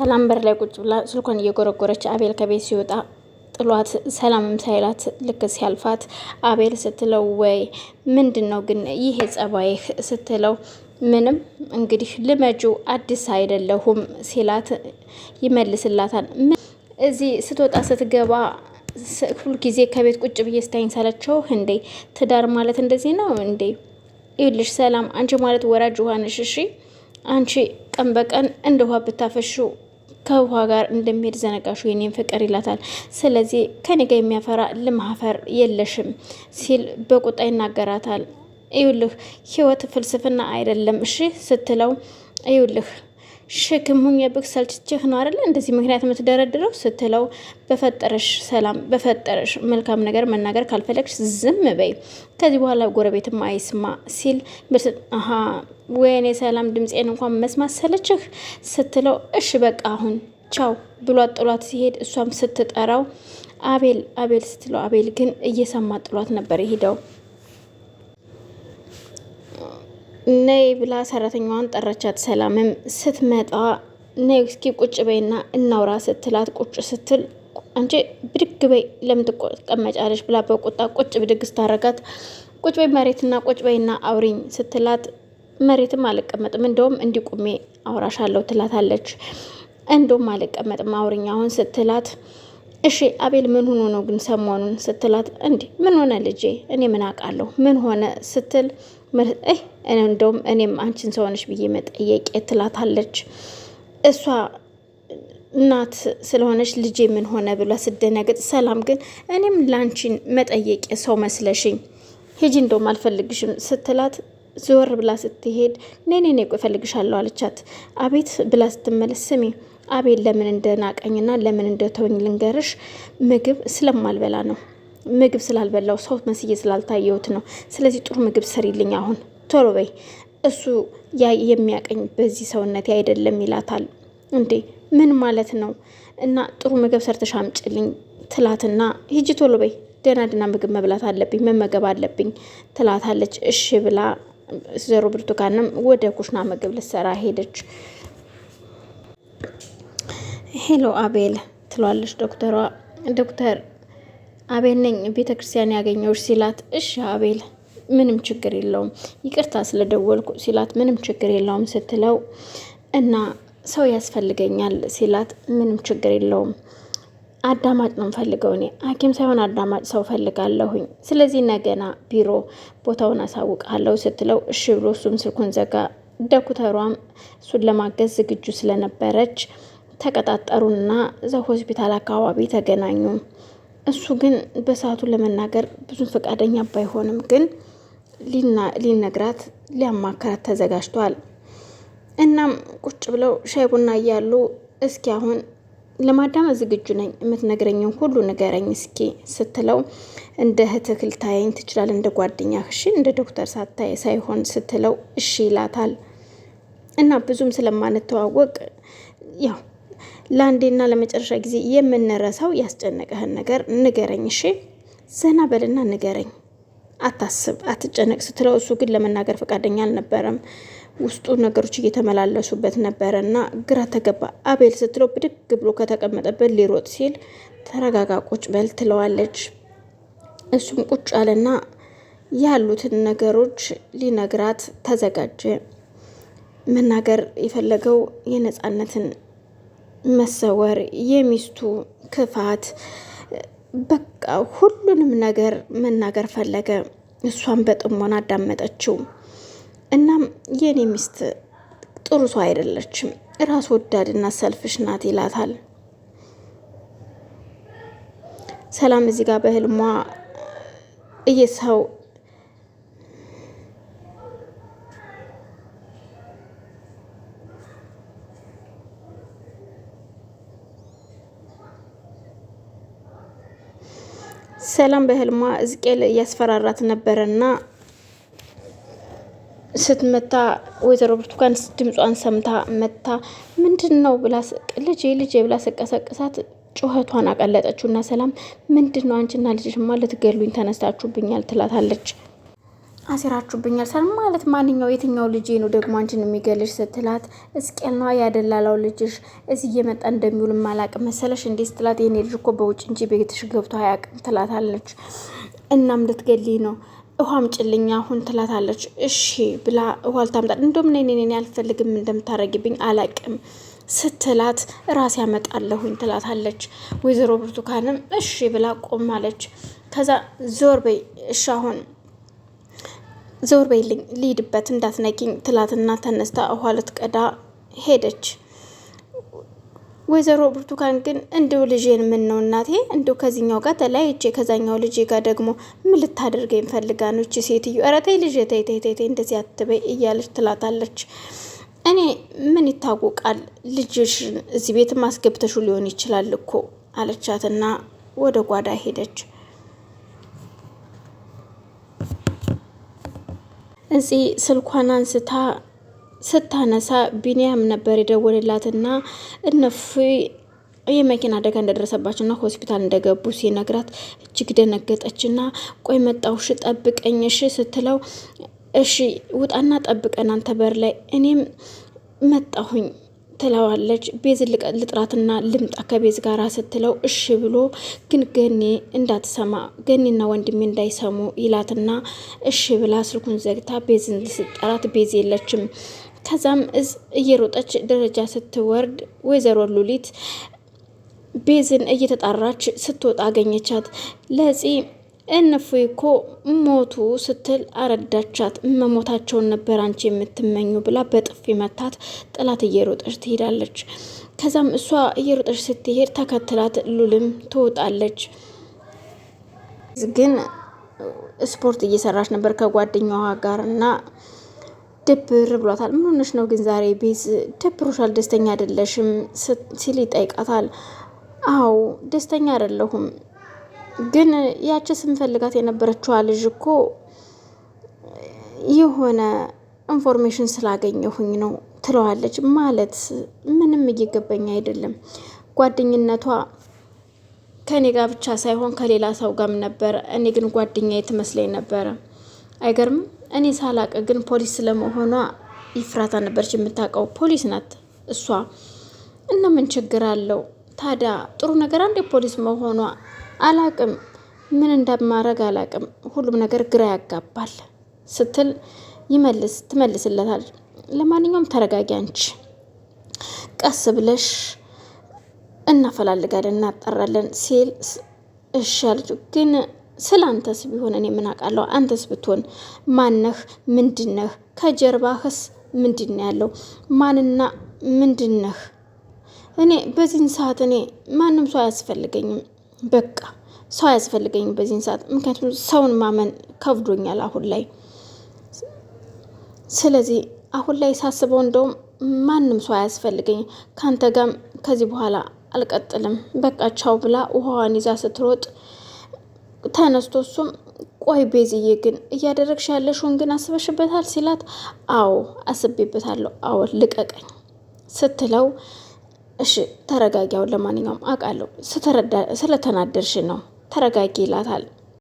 ሰላም በር ላይ ቁጭ ብላ ስልኳን እየጎረጎረች አቤል ከቤት ሲወጣ ጥሏት ሰላምም ሳይላት ልክ ሲያልፋት አቤል ስትለው ወይ ምንድን ነው ግን ይሄ ጸባይህ? ስትለው ምንም እንግዲህ ልመጁ አዲስ አይደለሁም ሲላት ይመልስላታል። እዚህ ስትወጣ ስትገባ ሁልጊዜ ከቤት ቁጭ ብዬ ስታኝ ሳለቸው እንዴ ትዳር ማለት እንደዚህ ነው እንዴ? ይልሽ ሰላም አንቺ ማለት ወራጅ ውሃ ነሽ። እሺ አንቺ ቀን በቀን እንደውሃ ብታፈሹ ከውሃ ጋር እንደሚሄድ ዘነጋሹ የኔን ፍቅር ይላታል። ስለዚህ ከኔ ጋር የሚያፈራ ልማፈር የለሽም ሲል በቁጣ ይናገራታል። ይውልህ ህይወት ፍልስፍና አይደለም እሺ ስትለው ይውልህ ሸክም ሁኜብህ ሰልችቼህ ነው አይደለ እንደዚህ ምክንያት የምትደረድረው ስትለው፣ በፈጠረሽ ሰላም፣ በፈጠረሽ መልካም ነገር መናገር ካልፈለግሽ ዝም በይ፣ ከዚህ በኋላ ጎረቤትም አይስማ ሲል ሀ ወይኔ ሰላም ድምፄን እንኳን መስማት ሰለችህ ስትለው፣ እሽ በቃ አሁን ቻው ብሏት ጥሏት ሲሄድ እሷም ስትጠራው አቤል አቤል ስትለው፣ አቤል ግን እየሰማ ጥሏት ነበር ይሄደው ነይ ብላ ሰራተኛዋን ጠረቻት ሰላምም ስትመጣ ነይ እስኪ ቁጭ በይና እናውራ ስትላት ቁጭ ስትል አንቺ ብድግ በይ ለምን ትቀመጫለሽ? ብላ በቁጣ ቁጭ ብድግ ስታረጋት ቁጭ በይ መሬትና ቁጭ በይና አውሪኝ ስትላት መሬትም አልቀመጥም እንደውም እንዲቁሜ አውራሻለሁ ትላታለች። እንደውም አልቀመጥም አውሪኝ አሁን ስትላት እሺ አቤል ምን ሆኖ ነው ግን ሰሞኑን ስትላት፣ እንዴ ምን ሆነ ልጄ እኔ ምን አውቃለሁ ምን ሆነ ስትል፣ እንደውም እኔም አንቺን ሰውነሽ ብዬ መጠየቄ ትላታለች። እሷ እናት ስለሆነች ልጄ ምን ሆነ ብላ ስደነግጥ፣ ሰላም ግን እኔም ላንቺን መጠየቄ ሰው መስለሽኝ ሂጂ እንደውም አልፈልግሽም ስትላት ዞር ብላ ስትሄድ ኔኔኔ ኔ ቆይ እፈልግሻለሁ አለቻት። አቤት ብላ ስትመለስ ስሜ አቤል ለምን እንደናቀኝና ለምን እንደተወኝ ልንገርሽ፣ ምግብ ስለማልበላ ነው። ምግብ ስላልበላው ሰው መስዬ ስላልታየሁት ነው። ስለዚህ ጥሩ ምግብ ሰሪልኝ አሁን ቶሎ በይ። እሱ የሚያቀኝ በዚህ ሰውነት አይደለም ይላታል። እንዴ ምን ማለት ነው? እና ጥሩ ምግብ ሰርተሽ አምጭልኝ ትላትና ሂጂ ቶሎ በይ፣ ደህና ደህና ምግብ መብላት አለብኝ መመገብ አለብኝ ትላታለች። እሺ ብላ ዘሮ ብርቱካንም ወደ ኩሽና ምግብ ልትሰራ ሄደች። ሄሎ አቤል ትሏለች ዶክተሯ። ዶክተር አቤል ነኝ ቤተ ክርስቲያን ያገኘሁሽ ሲላት፣ እሺ አቤል ምንም ችግር የለውም ይቅርታ ስለደወልኩ ሲላት፣ ምንም ችግር የለውም ስትለው እና ሰው ያስፈልገኛል ሲላት፣ ምንም ችግር የለውም አዳማጭ ነው ምፈልገው እኔ ሐኪም ሳይሆን አዳማጭ ሰው ፈልጋለሁኝ። ስለዚህ ነገና ቢሮ ቦታውን አሳውቃለሁ ስትለው እሺ ብሎ እሱም ስልኩን ዘጋ። ዶክተሯም እሱን ለማገዝ ዝግጁ ስለነበረች ተቀጣጠሩና ዘ ሆስፒታል አካባቢ ተገናኙ። እሱ ግን በሰዓቱ ለመናገር ብዙም ፈቃደኛ ባይሆንም ግን ሊነግራት ሊያማከራት ተዘጋጅቷል። እናም ቁጭ ብለው ሻይ ቡና እያሉ እስኪ አሁን ለማዳመጥ ዝግጁ ነኝ፣ የምትነግረኝን ሁሉ ንገረኝ እስኪ ስትለው እንደ እህትህ ልታየኝ ትችላል፣ እንደ ጓደኛህ እሺ፣ እንደ ዶክተር ሳታይ ሳይሆን ስትለው እሺ ይላታል። እና ብዙም ስለማንተዋወቅ ያው ለአንዴና ለመጨረሻ ጊዜ የምንረሳው ያስጨነቀህን ነገር ንገረኝ፣ እሺ? ዘና በልና ንገረኝ፣ አታስብ፣ አትጨነቅ ስትለው እሱ ግን ለመናገር ፈቃደኛ አልነበረም። ውስጡ ነገሮች እየተመላለሱበት ነበረ እና ግራ ተገባ። አቤል ስትለው ብድግ ብሎ ከተቀመጠበት ሊሮጥ ሲል ተረጋጋ፣ ቁጭ በል ትለዋለች። እሱም ቁጭ አለና ያሉትን ነገሮች ሊነግራት ተዘጋጀ። መናገር የፈለገው የነፃነትን መሰወር፣ የሚስቱ ክፋት፣ በቃ ሁሉንም ነገር መናገር ፈለገ። እሷን በጥሞና አዳመጠችው። እናም የኔ ሚስት ጥሩ ሰው አይደለችም፣ ራስ ወዳድና ሰልፍሽ ናት ይላታል። ሰላም እዚህ ጋር በህልሟ እየሰው ሰላም በህልሟ እዝቅኤል እያስፈራራት ነበረና ስትመታ ወይዘሮ ብርቱካን ድምጿን ሰምታ መታ ምንድን ነው ብላ ልጄ ልጄ ብላ ስቀሰቅሳት ጩኸቷን እና ሰላም ምንድን ነው አንቺና ልጅሽማ ልትገሉኝ ተነስታችሁብኛል ትላታለች። አሴራችሁብኛል ሰል ማለት ማንኛው የትኛው ልጅ ነው ደግሞ አንቺን የሚገልሽ ስትላት እስቄል ነዋ ያደላላው ልጅሽ እዚህ እየመጣ እንደሚውል ማላቅ መሰለሽ እንዴ ስትላት ይህኔ ልጅ እኮ በውጭ እንጂ ቤትሽ ገብቶ አያውቅም ትላታለች። እናም ልትገልይ ነው ውሃም ጭልኛ አሁን ትላታለች። እሺ ብላ ውሃ ልታምጣ እንደም ነይ ነይ አልፈልግም እንደምታረጊብኝ አላቅም ስትላት ራሴ ያመጣለሁኝ ትላታለች። ወይዘሮ ብርቱካንም እሺ ብላ ቆማለች። ከዛ ዞር በይ እሺ አሁን ዘወር በይልኝ ልሂድበት እንዳትነቂኝ ትላትና ተነስታ ውሃ ልትቀዳ ሄደች። ወይዘሮ ብርቱካን ግን እንዲሁ ልጄን ምን ነው እናቴ እንዲሁ ከዚኛው ጋር ተለያይቼ ከዛኛው ልጄ ጋር ደግሞ ምን ልታደርገኝ ፈልጋ ነው እቺ ሴትዮ? ኧረ ተይ ልጄ ተይ ተይ ተይ እንደዚህ አትበይ እያለች ትላታለች። እኔ ምን ይታወቃል ልጅሽን እዚህ ቤት ማስገብተሹ ሊሆን ይችላል እኮ አለቻትና ወደ ጓዳ ሄደች። እዚህ ስልኳን አንስታ ስታነሳ ቢኒያም ነበር የደወለላትና እነፉ የመኪና አደጋ እንደደረሰባቸውና ሆስፒታል እንደገቡ ሲነግራት እጅግ ደነገጠችና ቆይ መጣውሽ ጠብቀኝሽ ስትለው እሺ ውጣና ጠብቀን አንተ በር ላይ እኔም መጣሁኝ ትለዋለች ቤዝ ልጥራትና ልምጣ ከቤዝ ጋር ስትለው እሺ ብሎ ግን ገኔ እንዳትሰማ ገኔና ወንድሜ እንዳይሰሙ ይላትና እሺ ብላ ስልኩን ዘግታ ቤዝን ስጠራት ቤዝ የለችም። ከዛም እዝ እየሮጠች ደረጃ ስትወርድ ወይዘሮ ሉሊት ቤዝን እየተጣራች ስትወጣ አገኘቻት ለዚህ እንፉይ እኮ ሞቱ ስትል አረዳቻት። መሞታቸውን ነበር አንቺ የምትመኙ ብላ በጥፊ መታት። ጥላት እየሮጠች ትሄዳለች። ከዛም እሷ እየሮጠች ስትሄድ ተከትላት ሉልም ትወጣለች። ግን ስፖርት እየሰራች ነበር ከጓደኛዋ ጋር እና ድብር ብሏታል። ምን ሆነሽ ነው ግን ዛሬ ቤዝ ደብሮሻል፣ ደስተኛ አይደለሽም ሲል ይጠይቃታል። አዎ ደስተኛ አይደለሁም ግን ያቺ ስንፈልጋት የነበረችዋ ልጅ እኮ የሆነ ኢንፎርሜሽን ስላገኘሁኝ ነው ትለዋለች። ማለት ምንም እየገባኝ አይደለም። ጓደኝነቷ ከኔ ጋር ብቻ ሳይሆን ከሌላ ሰው ጋርም ነበረ። እኔ ግን ጓደኛ የትመስለኝ ነበረ። አይገርምም? እኔ ሳላቅ ግን ፖሊስ ስለመሆኗ ይፍራታ ነበረች የምታውቀው። ፖሊስ ናት እሷ እና ምን ችግር አለው ታዲያ? ጥሩ ነገር አንዴ ፖሊስ መሆኗ አላቅም፣ ምን እንደማረግ አላቅም፣ ሁሉም ነገር ግራ ያጋባል ስትል ይመልስ ትመልስለታል። ለማንኛውም ተረጋጊ አንቺ፣ ቀስ ብለሽ እናፈላልጋለን እናጠራለን ሲል እሻልጁ ግን ስለ አንተስ ቢሆን እኔ ምን አውቃለሁ? አንተስ ብትሆን ማነህ? ምንድነህ? ከጀርባህስ ምንድን ያለው ማንና ምንድነህ? እኔ በዚህን ሰዓት እኔ ማንም ሰው አያስፈልገኝም። በቃ ሰው አያስፈልገኝም በዚህን ሰዓት፣ ምክንያቱም ሰውን ማመን ከብዶኛል አሁን ላይ። ስለዚህ አሁን ላይ ሳስበው እንደውም ማንም ሰው አያስፈልገኝ ከአንተ ጋም ከዚህ በኋላ አልቀጥልም በቃ ቻው ብላ ውሃዋን ይዛ ስትሮጥ ተነስቶ እሱም ቆይ ቤዝዬ ግን እያደረግሽ ያለሽውን ግን አስበሽበታል ሲላት፣ አዎ አስቤበታለሁ፣ አዎ ልቀቀኝ ስትለው እሺ ተረጋጊ፣ አሁን ለማንኛውም አውቃለሁ ስለተናደርሽ ነው ተረጋጊ ይላታል።